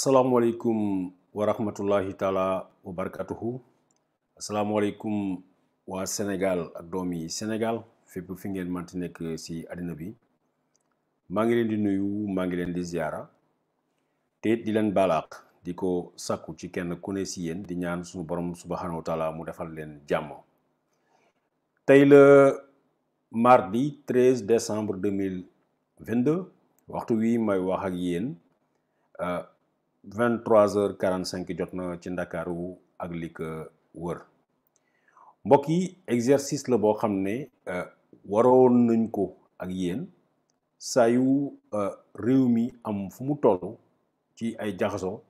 asalaamualeykum wa rahmatullahi taala wa barakatuhu asalaamualeykum waa Sénégal ak doom yi Sénégal fépp fi ngeen manti nekk ci àddina bi maa ngi leen di nuyu maa ngi leen di ziara te di leen balaaq di ko sàkku ci kenn ku ne ci yéen di ñaan suñu borom subhanahu wa mu defal leen jàmm tey la mardi 13 décembre 2022 waxtu wi may wax ak yéen euh, 23 heures 45 jot na ci ndakaaru ak li ko wër mbokk yi exercice la boo xam ne euh, waroon nañ ko ak yéen saa yu euh, réew mi am fu mu toll ci ay jaxaso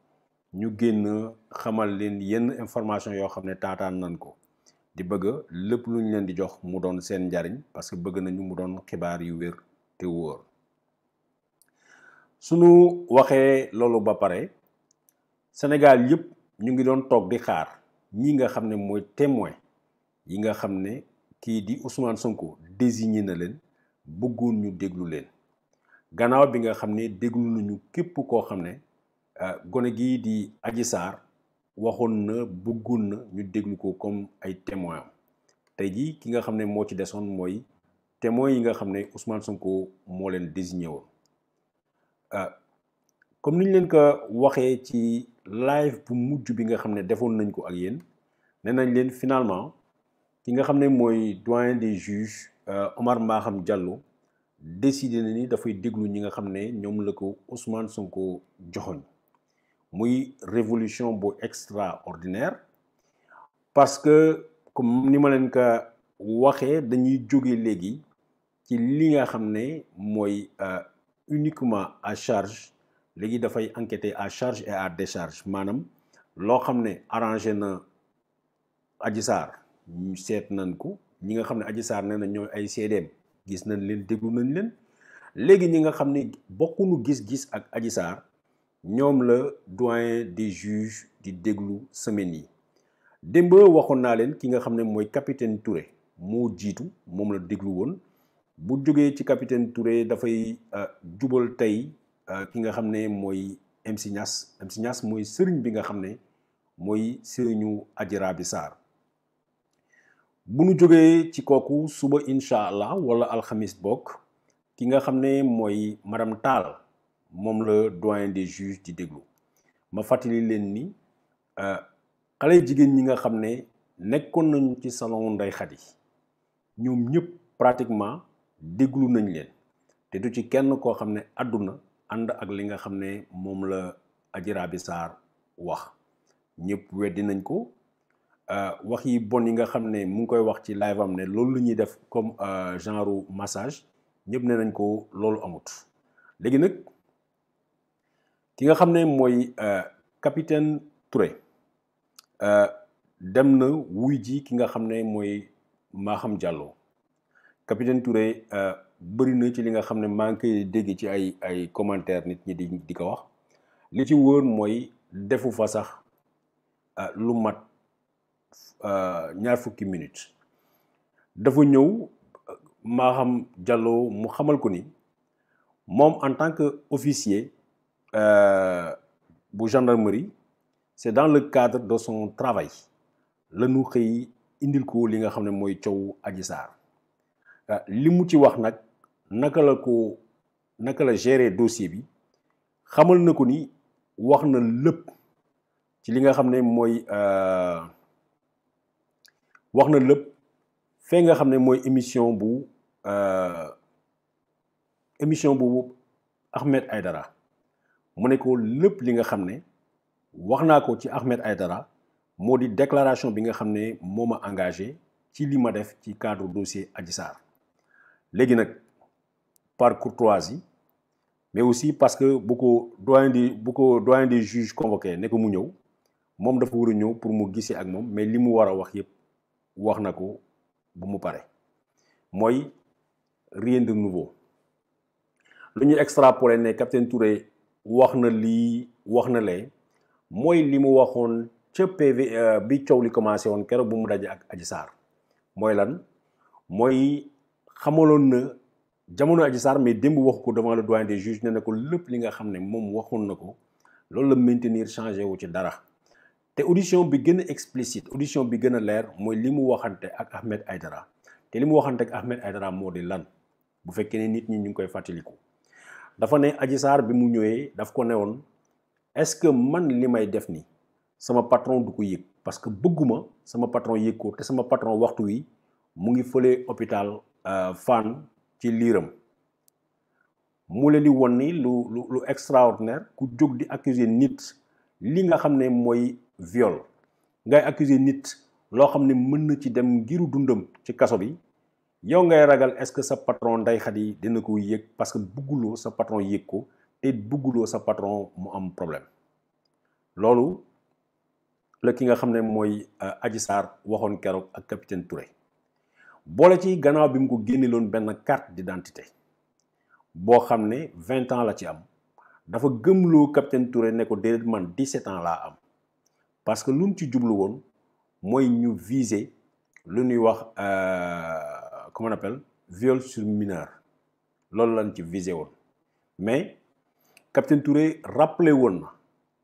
ñu génn xamal leen yenn information yoo xam ne taataan nañ ko di bëgg lépp lu ñu leen di jox mu doon seen njariñ parce que bëgg nañu mu doon xibaar yu wér te wóor sunu waxee loolu ba pare. Sénégal yëpp ñu ngi doon toog di xaar ñi nga xam ne mooy témoin yi nga xam ne kii di Ousmane Sonko désigné na leen bëggoon ñu déglu leen gannaaw bi nga xam ne déglu nañu képp koo xam ne ah, gone gi di aji saar waxoon na bëggoon na ñu déglu ko comme ay témoin am tey jii ki nga xam ne moo ci desoon mooy témoin yi nga xam ne Ousmane Sonko moo leen désigné woon ah, comme ni ñu leen ko waxee ci live bu mujj bi nga xam ne defoon nañ ko ak yéen nee nañ leen finalement ki nga xam ne mooy doyen des juges euh, Omar Maham Diallo décidé na ni dafay déglu ñi nga xam ne ñoom la ko Ousmane ko joxoon muy révolution bu extraordinaire parce que comme ni ma leen ko waxee dañuy jóge léegi ci li nga xam ne mooy euh, uniquement à charge léegi dafay enquêter à charge et à décharge maanaam loo xam ne arrangé na Adji Sarr seet nañ ko ñi nga xam ne Adji Sarr nee na ñooy ay seedeem gis nañ leen déglu nañ leen léegi ñi nga xam ne bokkunu gis-gis ak Adji Sarr ñoom la doyen des juges di déglu semaine yi démb waxoon naa leen ki nga xam ne mooy capitaine Touré moo jiitu moom la déglu woon bu jógee ci capitaine Touré dafay euh, jubal tey Euh, ki nga xam ne mooy MC Niass mooy sëriñ bi nga xam ne mooy sëriñu Adji Raby Sarr bu nu jógee ci kooku suba incha allah wala alxamis bokk ki nga xam ne mooy madame Tall moom la doyen des juges di déglu ma fàttali leen ni euh, xale jigéen ñi nga xam ne nekkoon nañu ci salon Ndeye Khady ñoom ñëpp pratiquement déglu nañ leen te du ci kenn koo xam ne àdduna ànd ak li nga xam ne moom la Adji Raby Sarr wax ñëpp weddi nañ ko euh, wax yi bon yi nga xam ne mu ngi koy wax ci live am ne loolu lu ñuy def comme euh, genre massage ñëpp ne nañ ko loolu amut léegi nag ki nga xam ne mooy euh, capitaine Touré dem na wuy ji ki nga xam ne mooy Maham Diallo capitaine Touré bëri na ci li nga xam ne maa ngi koy dégg ci ay ay commentaire nit ñi di di ko wax li ci wóor mooy defu fa sax ah, lu mat ah, ñaar fukki minutes dafa ñëw maa xam Diallo mu xamal ko ni moom en tant que officier euh, bu gendarmerie c'est dans le cadre de son travail la ñu xëy indil ko li nga xam ne mooy cow Adji Sarr ah, li mu ci wax nag naka la ko naka la gérer dossier bi xamal na ko ni wax na lépp ci li nga xam ne mooy euh, wax na lépp fee nga xam ne mooy émission bu euh, émission bu Ahmed Aydara mu ne ko lépp li nga xam ne wax naa ko ci Ahmed dara moo di déclaration bi nga xam ne moo ma engagé ci li ma def ci cadre dossier Adji Sarr léegi nag par courtoisie mais aussi parce que bu ko doyen di bu ko doyen des juges convoqué ne ko mu ñëw moom dafa war a ñëw pour mu gisee ak moom mais li mu war a wax yëpp wax na ko bu mu pare mooy rien de nouveau lu ñu extrapolé ne capitaine Touré wax na lii wax na lee mooy li mu waxoon ca PV euh, bi coow li commencé woon keroog bu mu daje ak Adji Sarr mooy lan mooy xamaloon na jamono Adji Sarr mais démb waxu ko devant le doyen des juges ne na ko lépp li nga xam ne moom waxoon na ko loolu la maintenir changé wu ci dara te audition bi gën a explicite audition bi gën a leer mooy li mu waxante ak Ahmed dara te li mu waxante ak Ahmed dara moo di lan bu fekkee ne nit ñi ñu ngi koy fàttaliku dafa ne Adji Sarr bi mu ñëwee daf ko ne woon est-ce que man li may def nii sama patron du ko yëg parce que bëgguma sama patron yëg ko sama patron waxtu wi mu ngi fële hôpital euh, Fann ci liiram mu leen di won ni lu lu lu extraordinaire ku jóg di accuser nit li nga xam ne mooy viol ngay accuser nit loo xam ne mën na ci dem ngiru dundam ci kaso bi yow ngay ragal est-ce que sa patron Ndeye yi dina ko yëg parce que bugguloo sa patron yëg ko te bugguloo sa patron mu am problème loolu la ki nga xam ne mooy euh, Adji Sarr waxoon keroog ak capitaine Touré. boole ci gannaaw bi mu ko loon benn carte d'identité boo xam ne vingt ans la ci am dafa gëmloo capitaine Touré ne ko déedéet man 17 ans laa am parce que lu mu ci jublu woon mooy ñu viser lu nuy wax euh, comment on appelle viol sur mineur loolu lañ ci viser woon mais capitaine Touré rappelé woon na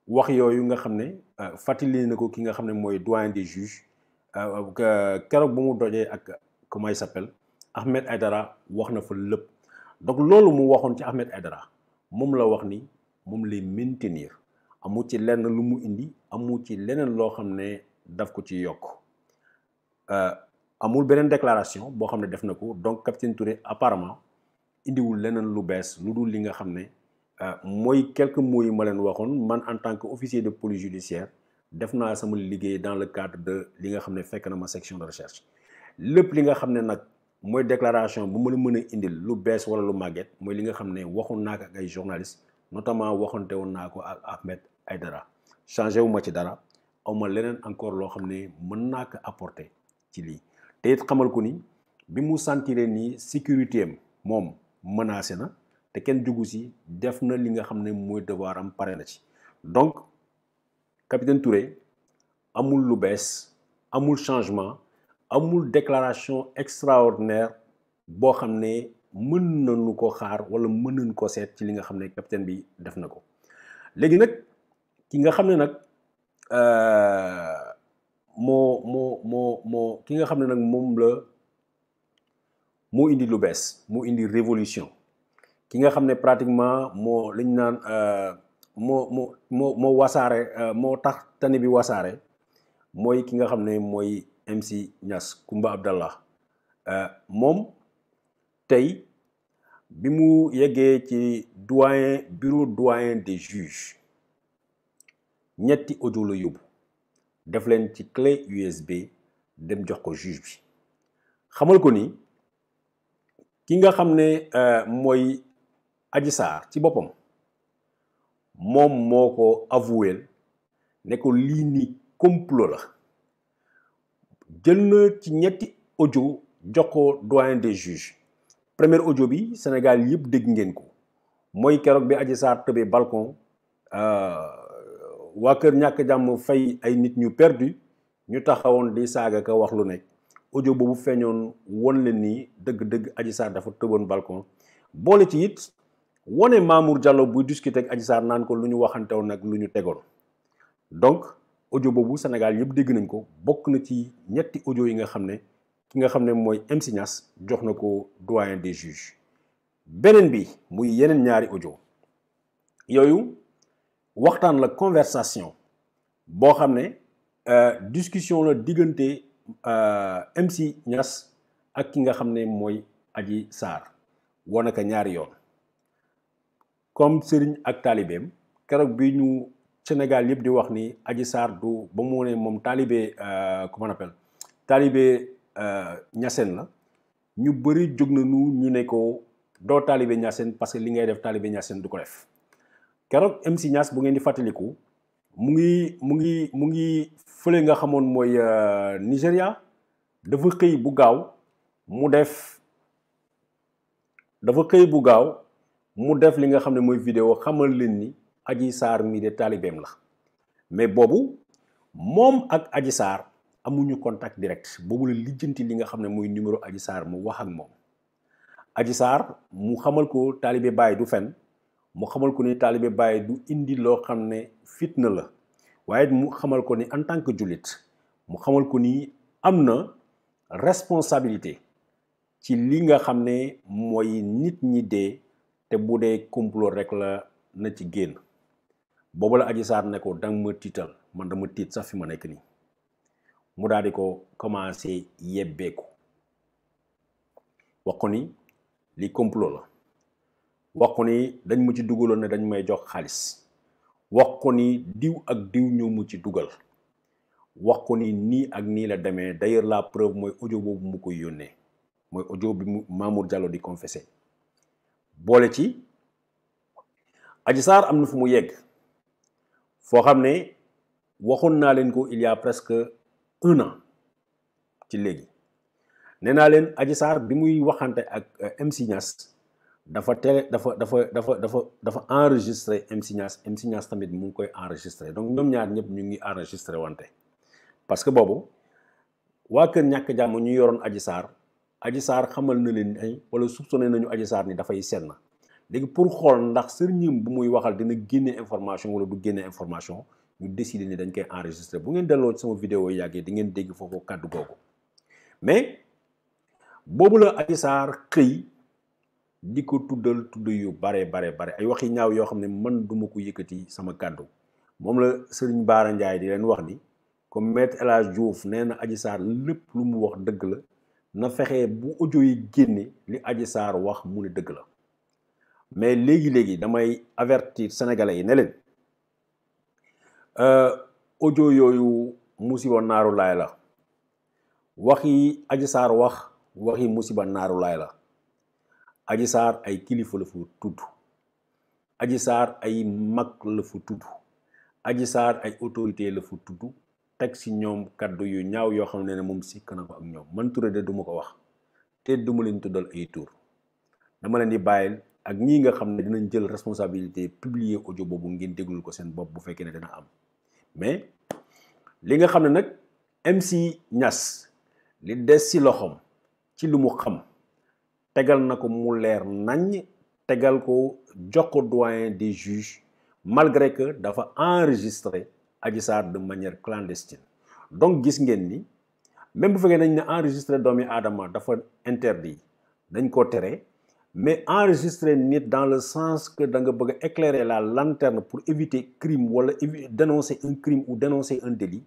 wax yooyu nga xam ne euh, fàttali na ko ki nga xam ne mooy doyen des juges euh, keroog bu mu dojee ak. comment il s'appelle Ahmed Aydara wax na fa lépp donc loolu mu waxoon ci Ahmed Aydara moom la wax ni moom lay maintenir amu ci lenn lu mu indi amu ci leneen loo xam ne daf ko ci yokk euh, amul beneen déclaration boo xam ne def na ko donc capitaine Touré apparemment indiwul leneen lu bees lu dul li nga xam ne euh, mooy quelques mots yi ma leen waxoon man en tant que officier de police judiciaire def naa sama liggéey dans le cadre de li nga xam ne fekk na ma section de recherche lépp li nga xam ne nag mooy déclaration bu ma la mën a indil lu bees wala lu màgget mooy li nga xam ne waxoon naa ko ak ay journalistes notamment waxante woon naa ko ak Ahmed dara changé wu ma ci dara awma leneen encore loo xam ne mën naa ko apporter ci lii te xamal ko ni bi mu sentiree nii sécurité am moom menacé na te kenn jugu si def na li nga xam ne mooy devoir am pare na ci donc capitaine Touré amul lu bees amul changement amul déclaration extraordinaire boo xam ne mën nañu ko xaar wala mën nañu ko seet ci li nga xam ne capitaine bi def na ko léegi nag ki nga xam ne nag euh, moo moo moo moo ki nga xam ne nag moom la moo indi lu bees moo indi révolution ki nga xam ne pratiquement moo lañ naan euh, moo moo moo moo wasaare euh, moo tax tane bi wasaare mooy ki nga xam ne mooy MC ñas Kumba Abdallah euh, moom tey bi mu yeggee ci doyen bureau doyen de juges ñetti audio la yóbbu def leen ci clé USB dem jox ko juge bi xamal ko ni ki nga xam ne euh, mooy Adji Sarr ci boppam moom moo ko avoué ne ko lii ni complot la jël na ci ñetti audio jox ko doyen des juges premier audio bi Sénégal yëpp dégg ngeen ko mooy keroog bi Adji tëbe tëbee balcon euh, waa kër ñàkk jàmm fay ay nit ñu perdu ñu taxawoon di saaga ka wax lu nekk audio boobu feeñoon won leen ni dëgg-dëgg Adji Sarr dafa tëboon balcon boole ci it wone Mamour Diallo buy discuter ak Adji Sarr naan ko lu ñu waxantewoon nag lu ñu tegoon audio boobu Sénégal yëpp dégg nañ ko bokk na ci ñetti audio yi nga xam ne ki nga xam ne mooy MC jox na ko doyen des juges beneen bi muy yeneen ñaari audio yooyu waxtaan la conversation boo xam ne euh, discussion la diggante euh, MC Niass ak ki nga xam ne mooy Adji Sarr woo naka ñaari yoon comme sëriñ ak taalibeem keroog bi ñu Sénégal yëpp di wax ni Adji Sarr du ba mu ne moom taalibe euh, comment on appelle taalibe euh, Niassène la ñu bëri jóg na nañu ñu ne ko doo taalibe ñaseen parce que li ngay def taalibe Niassène du ko def keroog MC bu ngeen di fàttaliku mu ngi mu ngi mu ngi fële nga xamoon mooy euh, Nigéria dafa xëy bu gaaw mu def dafa xëy bu gaaw mu def li nga xam ne mooy vidéo xamal leen ni. aji saar mi de taalibeem la mais boobu moom ak aji saar amuñu contact direct boobu la lijjanti li nga xam ne mooy numéro aji saar mu wax ak moom aji saar mu xamal ko taalibe bàyyi du fen mu xamal ko ni taalibe bàyyi du indi loo xam ne fitna la waaye mu xamal ko ni en tant que jullit mu xamal ko ni am na responsabilité ci li nga xam ne mooy nit ñi dee te bu dee complot rek la na ci génn boobu la Adji Sarr ne ko danga ma tiital man dama tiit sax fi ma nekk nii mu daal di ko commencé yebbeeku wax ko ni li complot la wax ko ni dañ ma ci dugaloon ne dañ may jox xaalis wax ko ni diw ak diw ñoo mu ci dugal wax ko ni nii ak nii la demee d'ailleurs la preuve mooy ojo boobu mu ko yónnee mooy ojo bi mu Mamour Diallo di confessé boole ci Adji Sarr am na fu mu yegg foo xam ne waxoon naa leen ko il y presque un an ci léegi nee naa leen Adji Sarr bi muy waxante ak euh, MC Niass dafa télé dafa dafa dafa dafa dafa enregistré MC Niass MC Niass tamit mu ngi koy enregistré donc ñoom ñaar ñëpp ñu ngi enregistré wante parce que boobu waa kër ñàkk jàmm ñu yoroon Adji Sarr Adji Sarr xamal na leen ay wala soupçonné nañu Adji Sarr ni dafay na léegi pour xool ndax sëriñam bu muy waxal dina génne information wala du génne information ñu décider ni dañ koy enregistrer bu ngeen delloo ci sama vidéo yàggee di ngeen dégg foofu kàddu googu mais boobu la aji Sarr xëy di ko tuddal tudd yu bare bare bare ay waxi ñaaw yoo xam ne man duma ko yëkkati sama kàddu moom la sëriñ Baara Ndiaye di leen wax ni comme maître El Hadj Diouf nee na Adji Sarr lépp lu mu wax dëgg la na fexe bu audio yi génne li aji Sarr wax mu dëgg la. mais léegi-léegi damay avertir sénégalais yi ne leen euh, audio yooyu musiba naaru laay la waxi Adji Sarr wax waxi musiba naaru laay la Adji Sarr ay kilifa la fu tudd Adji Sarr ay mag la fu tudd Adji Sarr ay autorité la fu tudd teg ci ñoom kaddu yu ñaaw yoo xam ne ne moom sikk na ko ak ñoom man Touré de duma ko wax te duma leen tuddal ay tuur dama leen di bàyyil ak ñii nga xam ne dinañ jël responsabilité publier audio boobu ngeen déglul ko seen bopp bu fekkee ne dina am mais li nga xam ne nag MC Niass li des ci loxoom ci lu mu xam tegal na ko mu leer nañ tegal ko jox doyen des juges malgré que dafa enregistré Adji Sarr de manière clandestine donc gis ngeen ni même bu fekkee nañ ne enregistré doomi aadama dafa interdit dañ ko tere mais enregistrer nit dans le sens que da nga bëgg a éclairer la lanterne pour éviter crime wala dénoncer un crime ou dénoncer un délit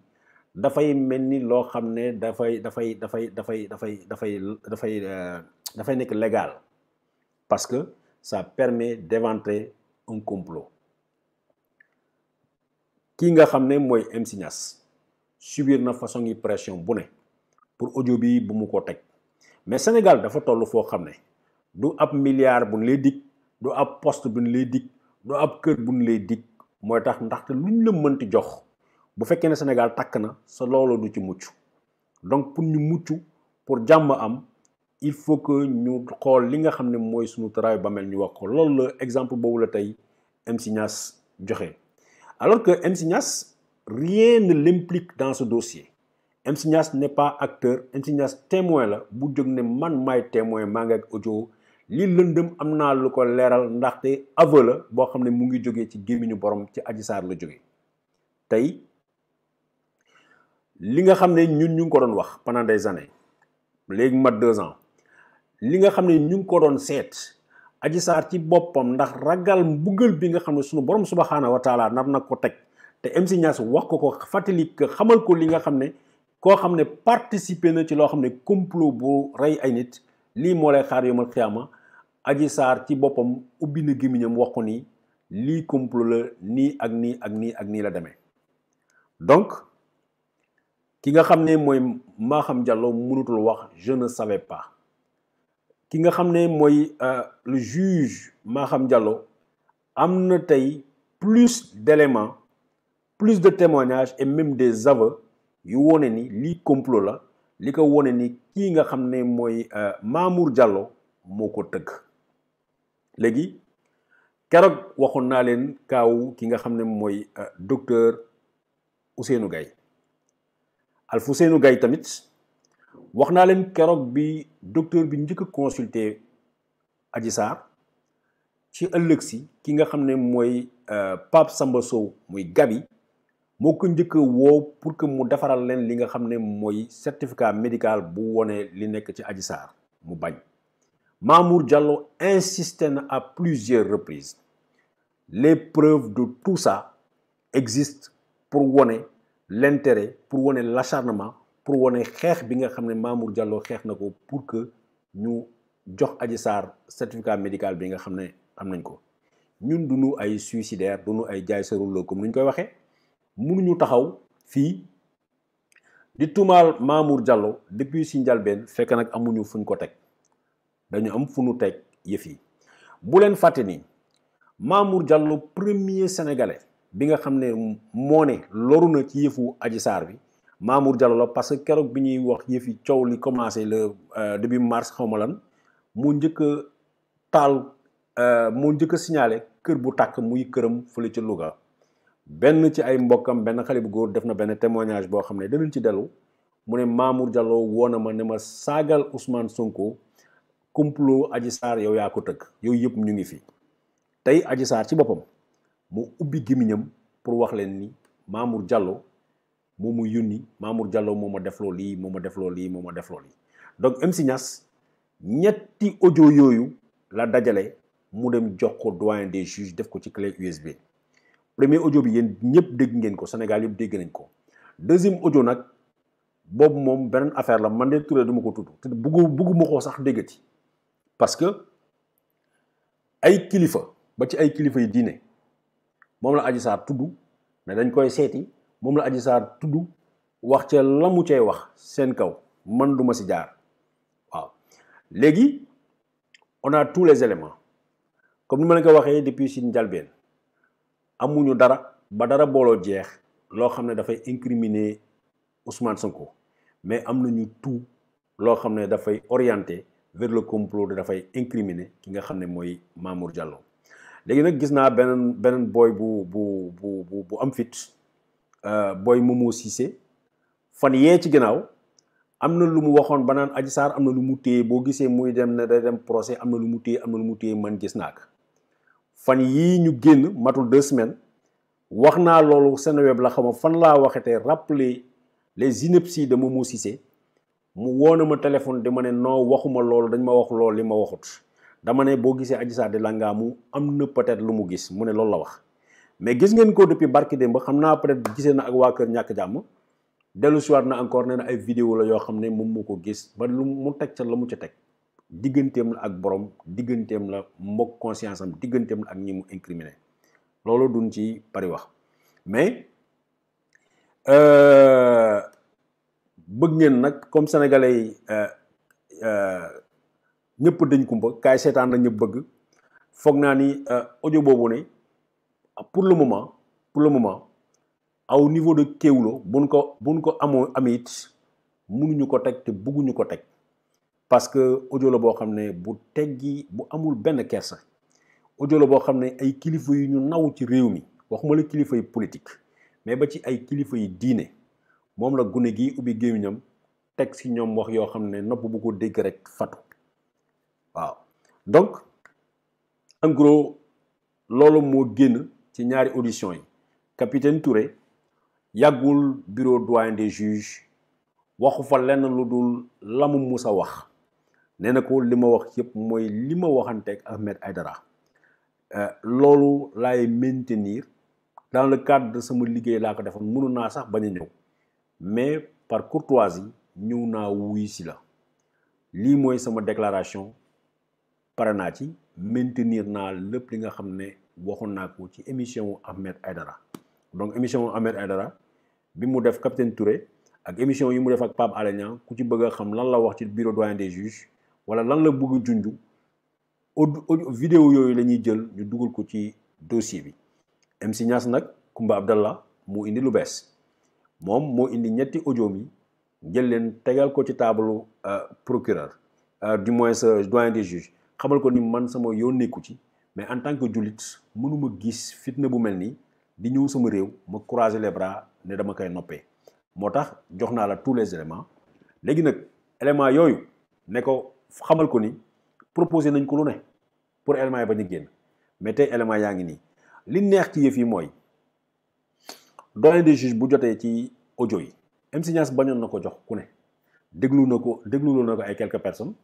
dafay mel ni loo xam ne dafay dafay dafay dafay dafay dafay dafay euh, dafay nekk légal parce que sa permet d'éventrer un complot kii nga xam ne mooy MC subir na façon yi pression bu ne pour audio bi bu mu ko teg mais Sénégal dafa toll foo xam ne du ab milliard bu ñu lay dig du ab poste bu nu lay dig du ab kër bu ñu lay dig mooy tax ndaxte lu luñ la mënti jox bu fekkee ne Sénégal takk na sa looloo du ci mucc donc pour ñu mucc pour jàmm am il faut que ñu xool li nga xam ne mooy suñu travail ba mel ñu wax ko loolu la exemple boobu la tey MC Niass joxe alors que MC Niass rien ne l'implique dans ce dossier MC Niass n'est pas acteur MC Niass témoin la bu jóg ne man may témoin maa ngi ak li lëndëm am na lu ko leeral ndaxte aveu la boo xam ne mu ngi jóge ci gémmiñu borom ci Adji Sarr la jógee tey li nga xam ne ñun ñu ngi ko doon wax pendant des années léegi mat deux ans li nga xam ne ñu ngi ko doon seet Adji Sarr ci boppam ndax ragal mbugal bi nga xam ne sunu borom subhaanahu wa taala nag ko teg te MC Niass wax ko ko fàttali xamal ko li nga xam ne koo xam ne participer na ci loo xam ne complot bu rey ay nit lii moo lay xaar yomal xiyaama Adji Sarr ci boppam ubbi na gémmiñam wax ko ni lii complot la nii ak nii ak nii ak nii la demee donc ki nga xam ne mooy Maham Diallo mënutul wax je ne savais pas ki nga xam ne mooy euh, le juge maaxam Diallo am na tey plus délément plus de témoignages et même des aveux yu wone ni lii complot la li ko wone ni kii nga xam ne mooy euh, Mamour Diallo moo ko tëgg léegi keroog waxoon naa leen kaawu ki nga xam ne mooy euh, docteur Ousseynou Gaye Alfousseynou gay tamit wax naa leen keroog bi docteur bi njëkk a consulté Adji ci ëllëg si ki nga xam ne mooy euh, Pape Samba soow muy Gabi moo ko njëkk a pour que mu defaral leen li nga xam ne mooy certificat médical bu wonee li nekk ci Adji Sarr mu bañ Mamour Diallo na à plusieurs reprises les preuves de tout ça existent pour wone l'intérêt pour wone l'acharnement pour wone xeex bi nga xam ne Mamour Diallo xeex na ko pour que ñu jox Adji Sarr certificat médical bi nga xam ne am nañ ko ñun du duñu ay suicidaire duñu ay jaay sa rouleau comme ni koy waxee mënuñu taxaw fii di tuumaal Mamour Diallo depuis si njalbeen fekk nag amuñu fuñ ko teg dañu am fu nu teg yëf yi bu leen fàtte ni Mamour Diallo premier sénégalais bi nga xam ne moo ne loru na ci yëfu aji Sarr bi Mamour Diallo la parce que keroog bi ñuy wax yëf yi coow li commencé le euh, début mars xaw ma lan mu njëkk a taal euh, mu njëkk a kër bu tàkk muy këram fële ci Louga benn ci ay mbokkam benn xale bu góor def na benn témoignage boo xam ne danañ ci dellu mu ne Mamour Diallo woo na ma ne ma saagal Ousmane Sonko. complot Adji Sarr yow yaa ko tëgg yooyu yëpp ñu ngi fi tey Adji Sarr ci boppam mu ubbi gémmiñam pour wax leen ni Mamour Diallo moo ma yónni Mamour Diallo moo ma defloo lii moo ma defloo lii moo ma defloo donc MC Niass ñetti audio yooyu la dajale mu dem jox ko doyen des juges def ko ci clé USB premier ojo bi yéen ñëpp dégg ngeen ko Sénégal yëpp dégg nañ ko deuxième audio nag boobu moom beneen affaire la man de Touré du ma ko tudd te buggu bugguma ko sax déggati parce que ay kilifa ba ci ay kilifa yi diine moom la Adji Sarr tuddu ne dañ koy seeti moom la Adji Sarr tuddu wax ca mu cay wax seen kaw man duma si jaar waaw léegi on a tous les éléments comme ni ma leen ko waxee depuis si njalbeen amuñu dara ba dara booloo jeex loo xam ne dafay incriminer Ousmane Sonko mais am nañu tout loo xam ne dafay orienté vers le complot de dafay incriminer ki nga xam ne mooy Mamour Diallo léegi nag gis naa beneen beneen booy bu bu bu bu am fit euh, booy Momo Cissé fan yee ci ginnaaw am na lu mu waxoon ba naan Adji Sarr am na lu mu téye boo gisee muy dem ne day dem procès am na lu mu téye am na lu mu téye man gis naa ko fan yii ñu génn matul deux semaines wax naa loolu seen web la xam fan laa waxatee rappeler les inepties de Momo Cissé mu woona ma téléphone di ma ne noo waxuma loolu dañ ma wax loolu li ma waxut dama ne boo gisee Adji Sarr di langaamu am na peut lu mu gis mu ne loolu la wax mais gis ngeen koo depuis barki démb ba xam naa peut-être gisee na ak waa kër ñàkk jàmm dellu siwaat na encore nee na ay vidéo la yoo xam ne moom moo ko gis ba lu mu teg ca la mu ca teg digganteem la ak boroom digganteem la mbokk conscience am digganteem la ak ñi mu incriminé loolu duñ ci bari wax mais. Euh, bëgg ngeen nag comme sénégalais yi euh, euh, ñëpp dañ kumpa kaay seetaan la bëgg foog naa ni euh, audio boobu ne pour le moment pour le moment au niveau de Kéwoulo buñ ko buñ ko amoo am it mënuñu ko teg te bëgguñu ko teg parce que audio la boo xam ne bu teggi bu amul benn kersa audio la boo xam ne ay kilifa yu ñu naw ci réew mi waxuma la kilifa yi politique mais ba ci ay kilifa yi diine. moom la gune gi ubbi gémmiñam teg si ñoom wax yoo xam ne nopp bu ko dégg rek fatu waaw donc en loolu moo génn ci ñaari audition yi capitaine Touré yàggul bureau doyen des juges waxu fa lenn lu dul la mu musa wax nee na ko li ma wax yëpp mooy li ma waxanteeg Ahmed Aidara euh, loolu laay maintenir dans la cadre de sama liggéey laa ko defoon mënu naa sax bañu ñëw mais par courtoisie ñëw naa wuy si la lii mooy sama déclaration pare naa ci maintenir naa lépp li nga xam ne waxoon naa ko ci émission Ahmed Aïdara donc émission Ahmed Aïdara bi mu def capitaine Touré ak émission yi mu def ak Pape Alé ku ci bëgg a xam lan la wax ci bureau doyen des juges wala lan la bëgg junj audio vidéo yooyu lañuy jël ñu dugal ko ci dossier bi MC nag Kumba Abdallah mu indi lu bees moom moo indi ñetti audio yi jël leen tegal ko ci taabalu euh, procureur euh, du moins sa doyen des juges xamal ko ni man sama yoon nekku ci mais en tant que jullit mënuma gis fitna bu mel nii di ñëw sama réew ma croiser les bras ne dama koy noppee moo tax jox naa la tous les éléments léegi nag éléments yooyu ne ko xamal ko ni proposé nañ ko lu ne pour éléments yi bañ a génn mais tey éléments yaa ngi nii li neex ci yëf yi mooy doyen des juges bu jotee ci audio yi MC bañoon na ko jox ku ne déglu na ko dégluloo na ko ay quelques personnes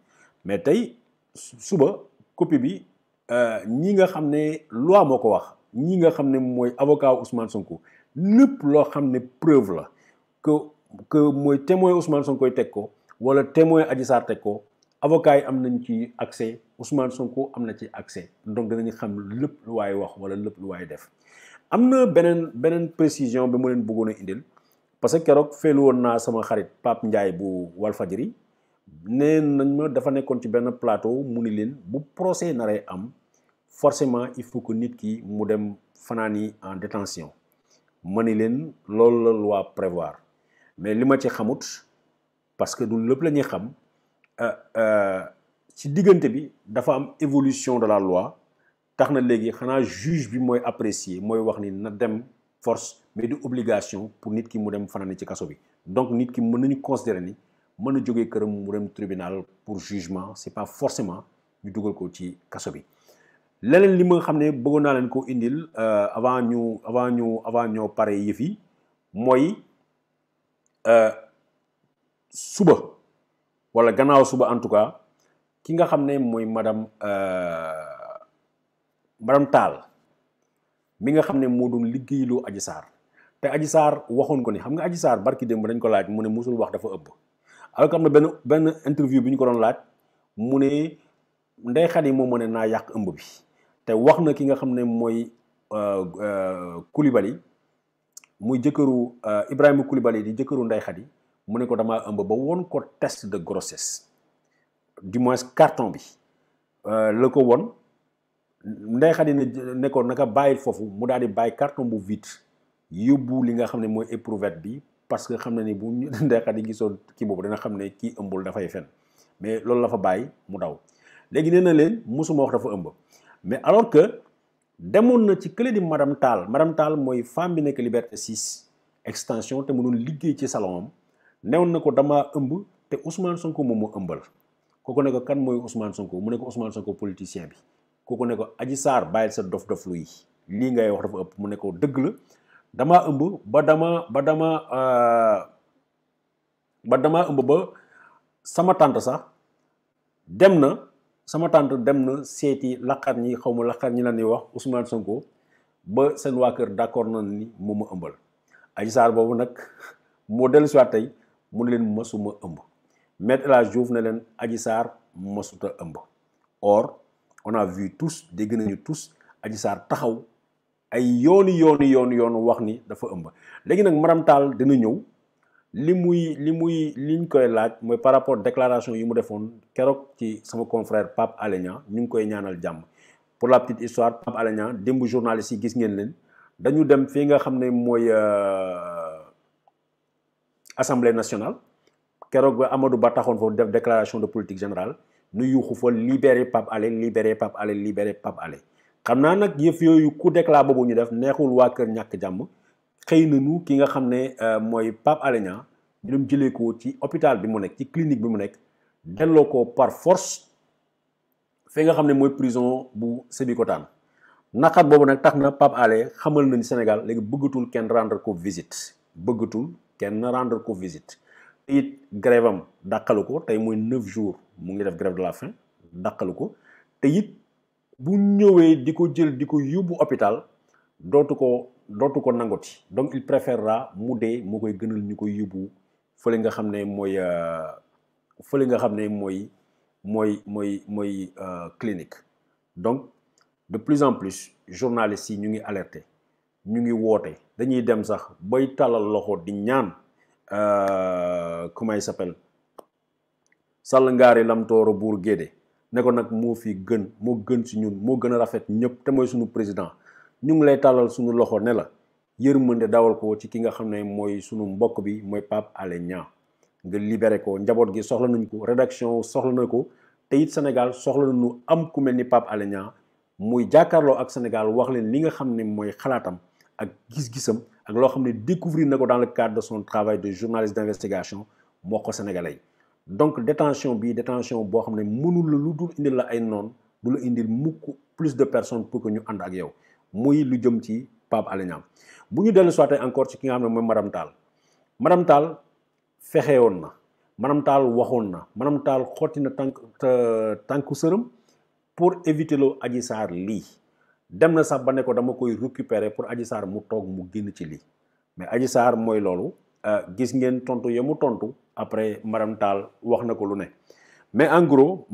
mais tey suba copie bi euh, ñi nga xam ne loi moo ko wax ñi nga xam ne mooy avocat Ousmane Sonko lépp loo xam ne preuve la que que mooy témoin Ousmane Sonko teg ko wala témoin Adji Sarr teg ko avocats yi am nañ ci accès Ousmane Sonko am na ci accès donc dinañu xam lépp lu waay wax wala lépp lu waay def. am na beneen beneen précision bi ma leen bëggoon a parce que keroog féelu woon naa sama xarit Pape Ndiaye bu Walfadjri ne nañ ma dafa nekkoon ci benn plateau mu ni leen bu procès naree am forcément il faut que nit ki mu dem fanaan yi en détention ma ni leen loolu la loi prévoir mais li ma ci xamut parce que du lépp la ñuy xam euh, euh, ci diggante bi dafa am évolution de la loi tax na léegi xanaa juge bi mooy apprécier mooy wax ni na dem force mais du obligation pour nit ki mu dem fanaani ci kaso bi donc nit ki mën nañu considérer ni mën na jógee këram mu dem tribunal pour jugement c'est pas forcément ñu dugal ko ci kaso bi leneen li ma xam ne bëggoon naa leen ko indil euh, avant ñu avant ñu avant ñoo pare yëf yi mooy euh, suba wala gannaaw suba en tout cas ki nga xam ne mooy madame euh, madame Tall mi nga xam ne moo doon liggéeyloo Adji Sarr te Adji Sarr waxoon ko ni xam nga Adji Sarr barki démb dañ ko laaj mu ne musul wax dafa ëpp alors que am na benn benn interview bi ñu ko doon laaj mu ne Ndeye Khady moom moo ne naa yàq ëmb bi te wax na ki nga xam ne mooy Coulibaly euh, euh, muy jëkkëru euh, Ibrahima Coulibaly di jëkkëru Ndeye Khady mu ne ko damaa ëmb ba woon ko test de grossesse du moins carton bi la ko won Ndeye Khady ne nekkoon naka bàyyi foofu mu daal di bàyyi carton bu vide yóbbu li nga xam ne mooy éprouvette bi parce que xam na ni bu Ndeye Khady gisoon kii boobu dana xam ne kii ëmbul dafay fen mais loolu la bàyyi mu daw léegi nee na leen musuma wax dafa ëmb mais alors que demoon na ci kële di madame taal madame taal mooy femme bi nekk Liberté 6 extension te mu doon liggéey ci salon am newoon na ko damaa ëmb te Ousmane Sonko moom moo ëmbal kooku ne kan mooy Ousmane Sonko mu ne ko Ousmane Sonko politicien bi. kooku ne ko aji saar bàyyil sa dof-dof lu yi lii ngay wax dafa ëpp mu ne ko dëgg la damaa ëmb ba dama ba dama euh, damaa ëmb ba sama tànt sax dem na sama tànt dem na seeti laqaat ñi xaw ma laqaat ñi la wax Ousmane Sonko ba seen waa kër d'accord na ni moo ma ëmbal aji saar boobu nag moo dellu si waat tey mu ne leen masuma ëmb Maître El Hadji Diouf ne leen aji saar masuta ëmb or on a tous dégg nañu tous Adji Sarr taxaw ay yooni yooni yooni yoonu wax ni dafa ëmb léegi nag Maram Tall dina ñëw li muy li muy liñ koy laaj mooy par rapport déclaration yi mu defoon keroog ci sama confrère pap Alé Niang ñu ngi koy ñaanal jàmm pour la petite histoire Pape Alé démb journaliste yi gis ngeen leen dañu dem fii nga xam ne mooy euh, assemblée nationale keroog bi Amadou Ba taxoon foofu def déclaration de politique générale nu yuuxu fa libéré Pape Alé libéré pap Alé libéré Pape Alé xam naa nag yëf yooyu coup d'éclat boobu ñu def neexul waa kër ñàkk jàmm xëy na nanu ki nga xam ne euh, mooy Pape Alé Niang ñu dem jëlee ko ci hôpital bi mu nekk ci clinique bi mu nekk delloo ko par force fi nga xam ne mooy prison bu taan naqar boobu nag tax na pap Alé xamal nañu Sénégal léegi bëggatul kenn rendre ko visite bëggatul kenn rendre ko visite it grève am dàqalu ko tey mooy neuf jours mu ngi def grève de la faim dàqalu ko te it bu ñëwee di ko jël di ko yóbbu hôpital dootu ko dootu ko nangoti donc il préférera mu dee moo koy gënal ñu koy yóbbu fële nga xam ne mooy euh, fële nga xam ne mooy mooy mooy mooy euh, clinique donc de plus en plus journalistes yi ñu ngi alerte ñu ngi woote dañuy dem sax bay tàllal loxo di ñaan euh, comment il s'appelle sàll ngaari lam tooro buur gédé ne ko nag moo fi gën moo gën ci ñun moo gën a rafet ñëpp te mooy suñu président ñu ngi lay tàllal suñu loxo ne la yërmande dawal ko ci ki nga xam ne mooy suñu mbokk bi mooy Pape Alé Niang nga libéré ko njaboot gi soxla nañ ko rédaction soxla na ko te it Sénégal soxla nu am ku mel ni Pape Alé Niang muy jàkkaarloo ak Sénégal wax leen li nga xam ne mooy xalaatam ak gis-gisam ak loo xam ne découvrir na ko dans le cadre de son travail de journaliste d' investigation moo ko sénégalais donc détention bi détention boo xam ne mënul la lu dul indil la ay noon du la indil mukk plus de personnes pour que ñu ànd ak yow muy lu jëm ci Pape Alé bu ñu dellu soité encore ci ki nga xam ne mooy madame Tall madame Tall fexewoon na madame Tall waxoon na madame Tall xotti na tànk tànku sërëm pour éviter loo Adji Sarr lii dem na sax ba ne ko dama koy récupérer pour Adji saar mu toog mu génn ci lii mais Adji saar mooy loolu Euh, gis ngeen tontu ya mu tontu après madame wax na ko lu ne mais en gros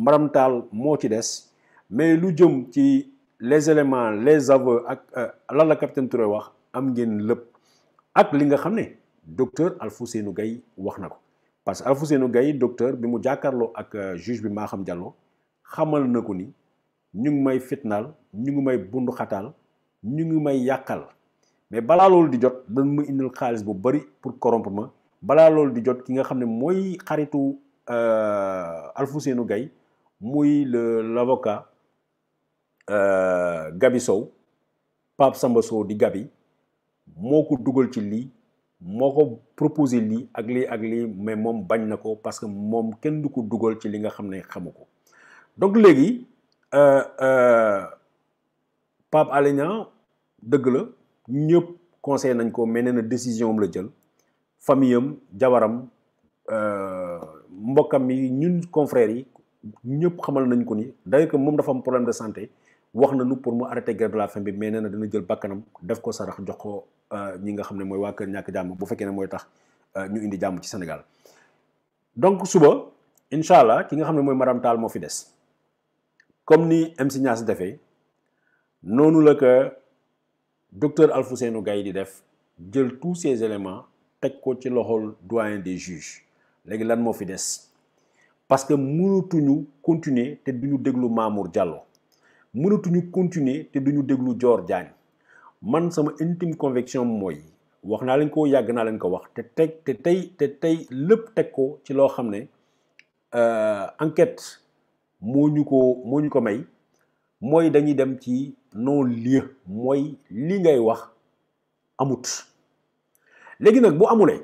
moo ci des mais lu jëm ci les éléments les aveux ak euh, lan la capitaine Touré wax am ngeen lépp ak li nga xam ne docteur Alfousseynou Gaye wax na ko parce que Alfousseynou Gaye docteur bi mu jàkkaarloo ak euh, juge bi Maham Diallo xamal na ko ni ñu ngi may fitnaal ñu ngi may bundu ñu ngi may yàqal. mais balaa loolu di jot dañ ma indil xaalis bu bari pour corrompre ma balaa loolu di jot ki nga xam ne mooy xaritu euh, Alfousseynou gay muy le l'avocat euh, Gabi Sow Pape Samba Sow di Gabi moo ko dugal ci lii moo ko proposé lii ak lii ak lii mais moom bañ na ko parce que moom kenn du ko dugal ci li nga xam ne xamu ko donc léegi euh, Pape Alé Niang dëgg la ñëpp conseillé nañ ko mais nee na décision am la jël famille am jabaram euh, mbokkam yi ñun confrères yi ñëpp xamal nañ ko ni d'ailleurs que moom dafa am problème de santé wax na nañu pour mu arrêter grève de la faim bi mais nee na dina jël bakkanam def ko sarax jox ko euh, ñi nga xam ne mooy waa kër ñàkk jàmm bu fekkee ne mooy tax euh, ñu indi jàmm ci senegal donc suba incha allah ki nga xam ne mooy madame taal moo fi des comme ni MC defee noonu la que docteur Alfousseynou Gaye di def jël tous ces éléments teg ko ci loxol doyen des juges léegi lan moo fi des parce que mënatuñu continuer te duñu déglu Mamour Diallo mënatuñu continuer te duñu déglu joor Diagne man sama intime conviction mooy wax naa leen ko yàgg naa leen ko wax te teg te tey te tey lépp teg ko ci loo xam ne euh, enquête moo ñu ko moo ñu ko may mooy dañuy dem ci non lii mooy li ngay wax amut léegi nag bu amulee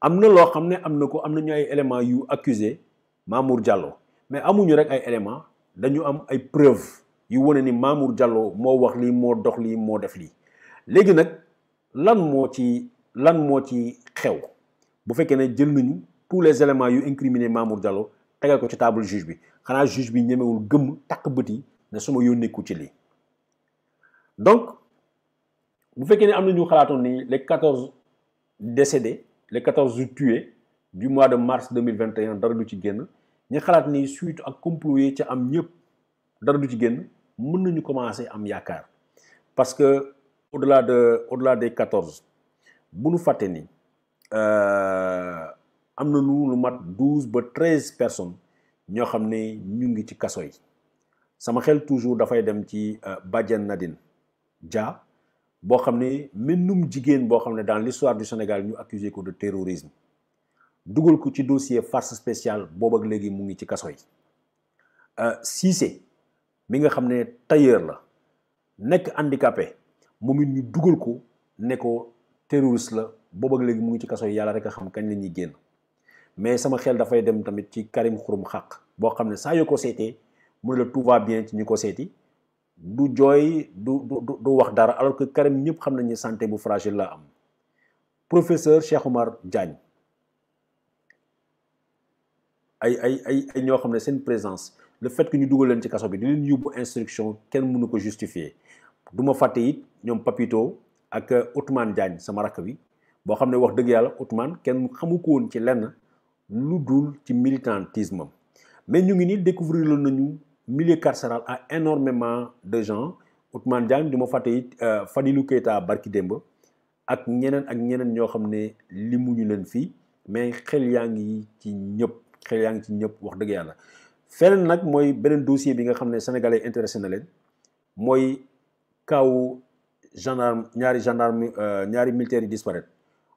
am na loo xam ne am na ko am nañu ay éléments yu accusé Mamour Diallo mais amuñu rek ay éléments dañu am ay preuves yu wane ni Mamour Diallo moo wax lii moo dox lii moo def lii léegi nag lan moo ci lan moo ci xew bu fekkee ne jël nañu tous les éléments yu incriminer Mamour Diallo tegal ko ci table juge bi xanaa juge bi ñemewul gëmm takk bët yi ne suma yónneeku ci lii donc bu fekkee ne am na ñu xalaatoon ni les quatorze décédés les quatorze tués du mois de mars deux mille vingt et dara du ci génn ñu xalaat ni suite ak complot yi ca am ñëpp dara du ci génn mën nañu commencer am yaakaar parce que au delà de au delà des quatorze bu nu fàtte ni euh, am na lu lu mat douze ba treize personnes ñoo xam ne ñu ngi ci kaso yi. sama xel toujours dafay dem ci euh, Badiane Nadine ja boo xam ne mennum jigéen boo xam ne dans l'histoire du Sénégal ñu accusé ko de terrorisme dugal ko ci dossier farce spéciale boobu ak léegi mu ngi ci kaso yi euh, Cissé mi nga xam ne tailleur la nekk handicapé moom it ñu dugal ko ne ko terroriste la boobu léegi mu ngi ci kaso yàlla rek a xam kañ la ñuy génn mais sama xel dafay dem tamit ci Karim Xurum Xaq boo xam ne saa yoo ko seetee mu ne la tout va bien ci ñi ko seeti du jooy du du du wax dara alors que Karim ñëpp xam nañu santé bu fragile la am professeur Cheikh Oumar Diagne ay ay ay ñoo xam ne seen présence le fait que ñu dugal leen ci kaso bi di leen yóbbu instruction kenn mënu ko justifier du ma fàtte it ñoom Papito ak euh, Outmane Diagne sama rakk bi boo xam ne wax dëgg yàlla Outmane kenn xamu ko ci lenn lu dul ci militantisme mais ñu ngi nii découvrir nañu. milieu carcéral à énormément de gens Ousmane Diagne du ma fàtte it euh, Fadilou Keita barki démb ak ñeneen ak ñeneen ñoo xam ne ñu leen fii mais xel yaa ngi ci ñëpp xel yaa ngi ci ñëpp wax dëgg yàlla feneen nag mooy beneen dossier bi nga xam ne sénégalais intéressé leen mooy kaw gendarme ñaari gendarme euh, ñaari militaires yi disparaître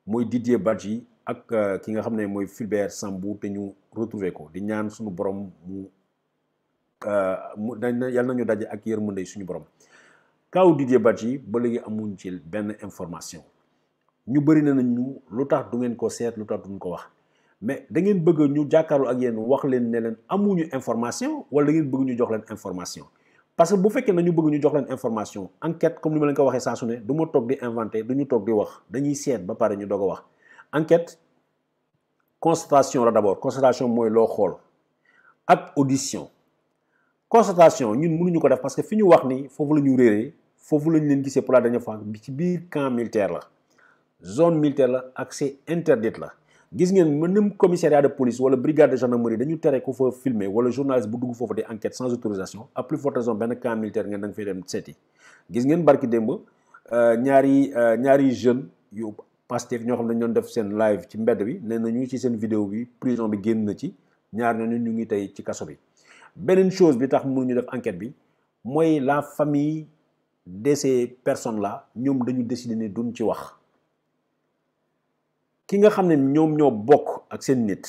mooy Didier yi ak euh, ki nga xam ne mooy Fulbert Sambou te ñu retrouver ko di ñaan suñu borom mu Euh, mu dañ na ñu daje ak yërmande suñu borom kaw Didier Badji ba léegi amuñ ci benn information ñu bëri na ñu lu tax du ngeen ko seet lu tax duñ ko wax mais da ngeen bëgg ñu jàkkaarloo ak yenn wax leen ne leen amuñu information wala da bëgg ñu jox leen information parce que bu fekkee na ñu bëgg ñu jox leen information enquête comme ni ma leen ko waxee saa su ne du ma toog di inventé du ñu toog di wax dañuy seet ba pare ñu doog wax enquête constatation la d'abord constatation mooy loo xool ak audition constatation ñun mënuñu ko def parce que fi ñu wax ni foofu la ñu réeree foofu la ñu leen gisee pour la dernière fois ci biir camp militaire la zone militaire la accès interdite la gis ngeen mënam commissariat de police wala brigade de gendarmerie dañu tere ko fa filmer wala journaliste bu dugg foofu di enquête sans autorisation à plus forte raison benn camp militaire ngeen da nga fay dem seeti gis ngeen barki démb euh, ñaari euh, ñaari jeune yu Pastef ñoo xam ne dañu doon def seen live ci mbedd bi nee nañu ci seen vidéo bi prison bi génn na ci ñaar ñooñu ñu ngi tey ci kaso bi beneen chose bi tax mu ñu def enquête bi mooy la famille de ces personnes la ñoom dañu décider ne duñ ci wax ki nga xam ne ñoom ñoo bokk ak seen nit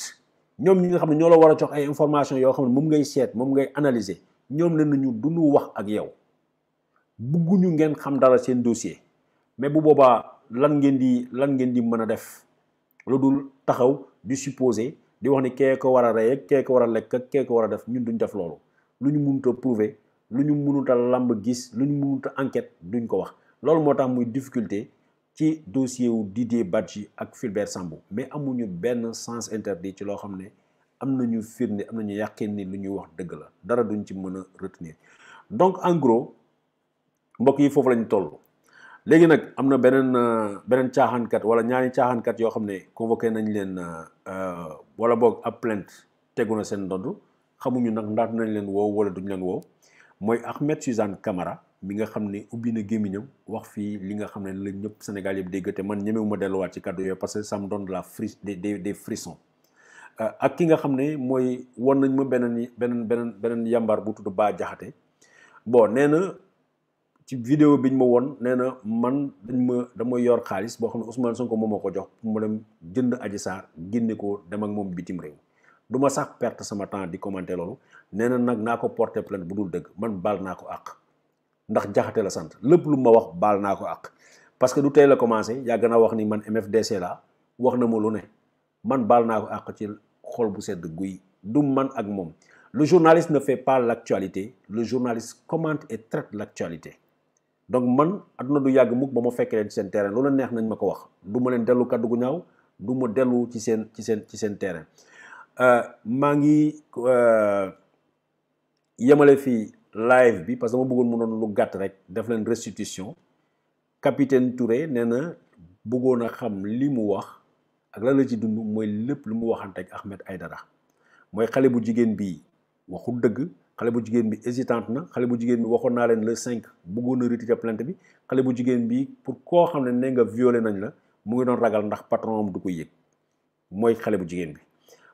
ñoom ñi nga xam ne ñoo la war a jox ay information yoo xam ne moom ngay seet moom ngay analyser ñoom la nañu duñu wax ak yow bëgguñu ngeen xam dara seen dossier mais bu boobaa lan ngeen di lan ngeen di mën a def lu dul taxaw di supposer di wax ni kee ko war a rey kee ko war a lekk kee ko war a def ñun duñ def loolu lu ñu mënut a prouver lu ñu mënut a lamb gis lu ñu mënut a enquête duñ ko wax loolu moo tax muy difficulté ci dossier wu Didier Badji ak Fulbert Sambou mais amuñu benn sens interdit ci loo xam ne am nañu firnde am na nañu yàqin ni lu ñuy wax dëgg la dara duñ ci mën a retenir donc en gros mbokk yi foofu lañ toll léegi nag am na beneen euh, beneen caaxaankat wala ñaari caaxaankat yoo xam ne convoqué nañ leen euh, euh, wala boog ab plainte tegu na seen ndodd xamuñu nag ndaat nañ leen woow wala duñ leen woow mooy Ahmed Suzanne Camara mi nga xam ne ubbi na gémmiñam wax fii li nga xam ne la ñëpp Sénégal yëpp dégg te man ñemewuma delluwaat ci kàddu yooyu parce que ça me donne de la fris des des frissons ak ki nga xam ne mooy won nañ ma beneen beneen beneen beneen yambar bu tudd baa Diakhaté ci bi biñ ma woon nee na man dañ ma dama yor xaalis boo xam ne Ousmane ko moom moo ko jox ma dem jënd Adji Sarr génne ko dem ak moom bitim réew du ma sax perte sama temps di commenter loolu nee nag naa ko porte plainte bu dul dëgg man baal naa ko àq ndax jaxate la sant lépp lu ma wax baal naa ko àq parce que lu tey la commencé yàgg naa wax ni man MFDC la wax na ma lu ne man baal naa ko àq ci xol bu sedd guy du man ak moom lu journaliste na fait pas l'actualité journaliste commente et traite l'actualité donc man na du yàgg mukk ba ma fekk leen ci seen terrain loolu neex nañ ma ko wax du ma leen dellu kaddu gu ñaaw duma ma dellu ci seen ci seen ci seen terrain euh, maa ngi euh, yemale fii live bi parce que dama bëggoon mu noonu lu gàtt rek def leen restitution capitaine Touré nee na bëggoon a xam li mu wax ak lan la ci dund mooy lépp lu mu waxante ak Ahmed Aïdara mooy xale bu jigéen bi waxul dëgg xale bu jigéen bi hésitante na xale bu jigéen bi waxoon naa leen le 5 bëggoon na retiré plainte bi xale bu jigéen bi pour koo xam ne ne nga violé nañ la mu ngi doon ragal ndax patron am du ko yëg mooy xale bu jigéen bi.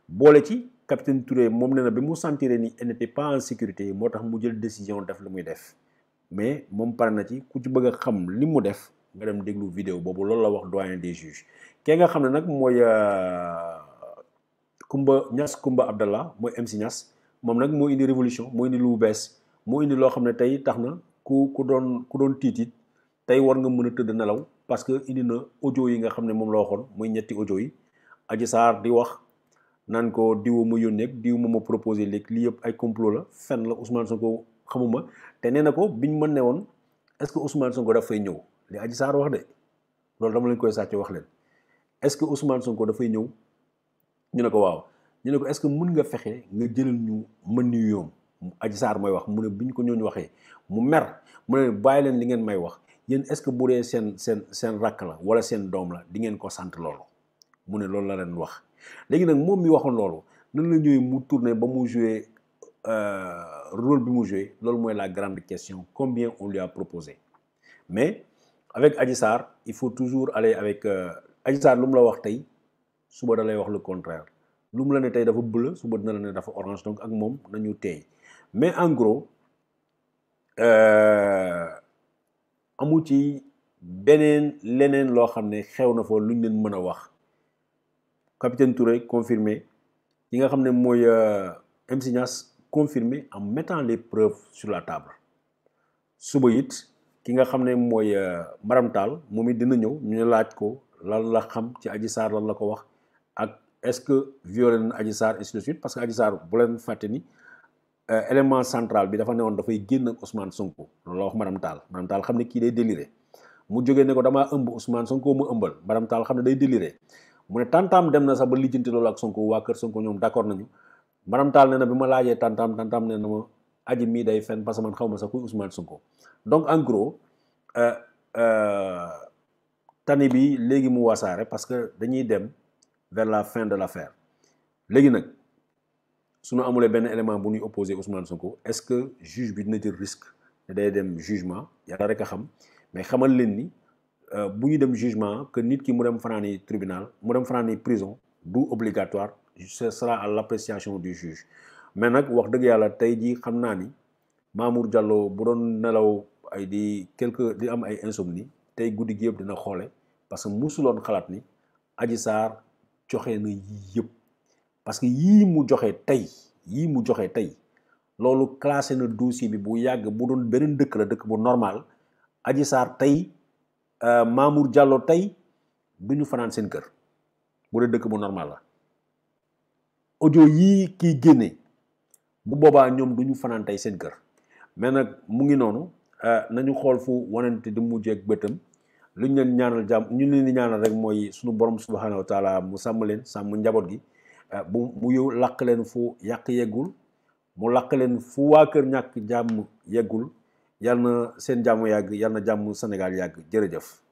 boole ci capitaine Touré moom nee na bi mu sentiree nii il n'était pas en sécurité moo tax mu jël décision def lu muy def mais moom pare na ci ku ci bëgg a xam li mu def nga dem déglu vidéo boobu loolu la wax doyen des juges kee nga xam ne nag mooy euh, Kumba Niass Kumba Abdallah mooy MC moom nag moo indi révolution moo indi lu bees moo indi loo xam ne tey tax na ku ku doon ku doon tiit it tey war nga mën a tëdd nelaw parce que indi na audio yi nga xam ne moom la waxoon mooy ñetti audio yi Adji saar di wax naan ko diw ma yónnee diw ma ma proposé léegi lii yëpp ay complot la fen la Ousmane Sonko xamuma te nee na ko ñu mën ne woon est-ce que Ousmane Sonko dafay ñëw li Adji saar wax de loolu dama lañ koy sàcc wax leen est-ce que Ousmane Sonko dafay ñëw ñu ne ko waaw ñu ne ko est-ce que mun nga fexe nga jëlal ñu mën ñu yoom Adji mooy wax mu ne bi ñu ko ñooñu waxee mu mer mu ne bàyyi leen li ngeen may wax yéen est-ce que bu dee seen seen seen rakk la wala seen doom la di ngeen ko sant loolu mu ne loolu la leen wax léegi nag moom mi waxoon loolu nan la ñëwee mu tourné ba mu joué euh, rôle bi mu joué loolu mooy la grande question combien on lui a proposé mais avec Adji Sarr il faut toujours aller avec euh, Adji Sarr lu mu la wax tey suba da lay wax le contraire lu mu la ne tey dafa bleu suba dina la ne dafa orange donc ak moom nañu tey mais en gros euh, amu ci beneen leneen loo xam ne xew na fa luñ leen mën a wax capitaine Touré confirmé yi nga xam ne mooy euh, MC Niass confirmé en mettant les sur la table suba it ki nga xam ne mooy euh, Maram moom it dina ñëw ñu ne laaj ko lan la xam ci Adji Sarr lan la ko wax ak. est-ce que violé na Adji Sarr suite parce que Adji Sarr bu leen fàtte ni euh, élément central bi dafa ne woon dafay génn ak Ousmane Sonko loolu la wax madame Tall madame Tall xam ne kii day déliré mu jógee ne ko damaa ëmb Ousmane Sonko mu ëmbal madame Tall xam ne day déliré mu ne tantaam dem na sax ba lijjanti loolu ak Sonko waa kër Sonko ñoom d'accord nañu madame Tall nee na bi ma laajee tantaam tantaam nee na ma aji mii day fen parce que man xaw ma sax kuy Ousmane Sonko donc en gros euh, euh, tani bi léegi mu wasaare parce que dañuy dem. vers la fin de la l'affaire léegi nag su nu amulee benn élément bu ñuy opposé Ousmane ko est-ce que juge bi dina jël risque day dem jugement yàlla rek a xam mais xamal leen ni euh, bu ñu dem jugement que nit ki mu dem fanaani tribunal mu dem fanaani prison du obligatoire ce sera à l'appréciation du juge mais nag wax dëgg yàlla tey jii xam naa ni Mamour Diallo bu doon nelaw ay di quelque di am ay insomnie tey guddi gi yëpp dina xoole parce que musuloon xalaat ni Adji joxe na yii yëpp parce que yii mu joxe tey yii mu joxe tey loolu classé na dossier bi bu yàgg bu doon beneen dëkk la dëkk bu normal aji Sarr tey euh, Mamour Diallo tey bu ñu fanaan seen kër bu dee dëkk bu normal la ojo yii kii génne bu boobaa ñoom du ñu fanaan tey seen kër mais nag mu ngi noonu euh, nañu xool fu wanante di mujjee ak bëtam lu ñu leen ñaanal jàmm ñu leen di ñaanal rek mooy suñu borom subhanahu wa taala mu sàmm leen sàmm njaboot gi euh, bu mu yow làq leen fu yàq yeggul mu làq leen fu waa kër ñàkk jàmm yeggul yal na seen jàmm yàgg yal na jàmm Sénégal yàgg jërëjëf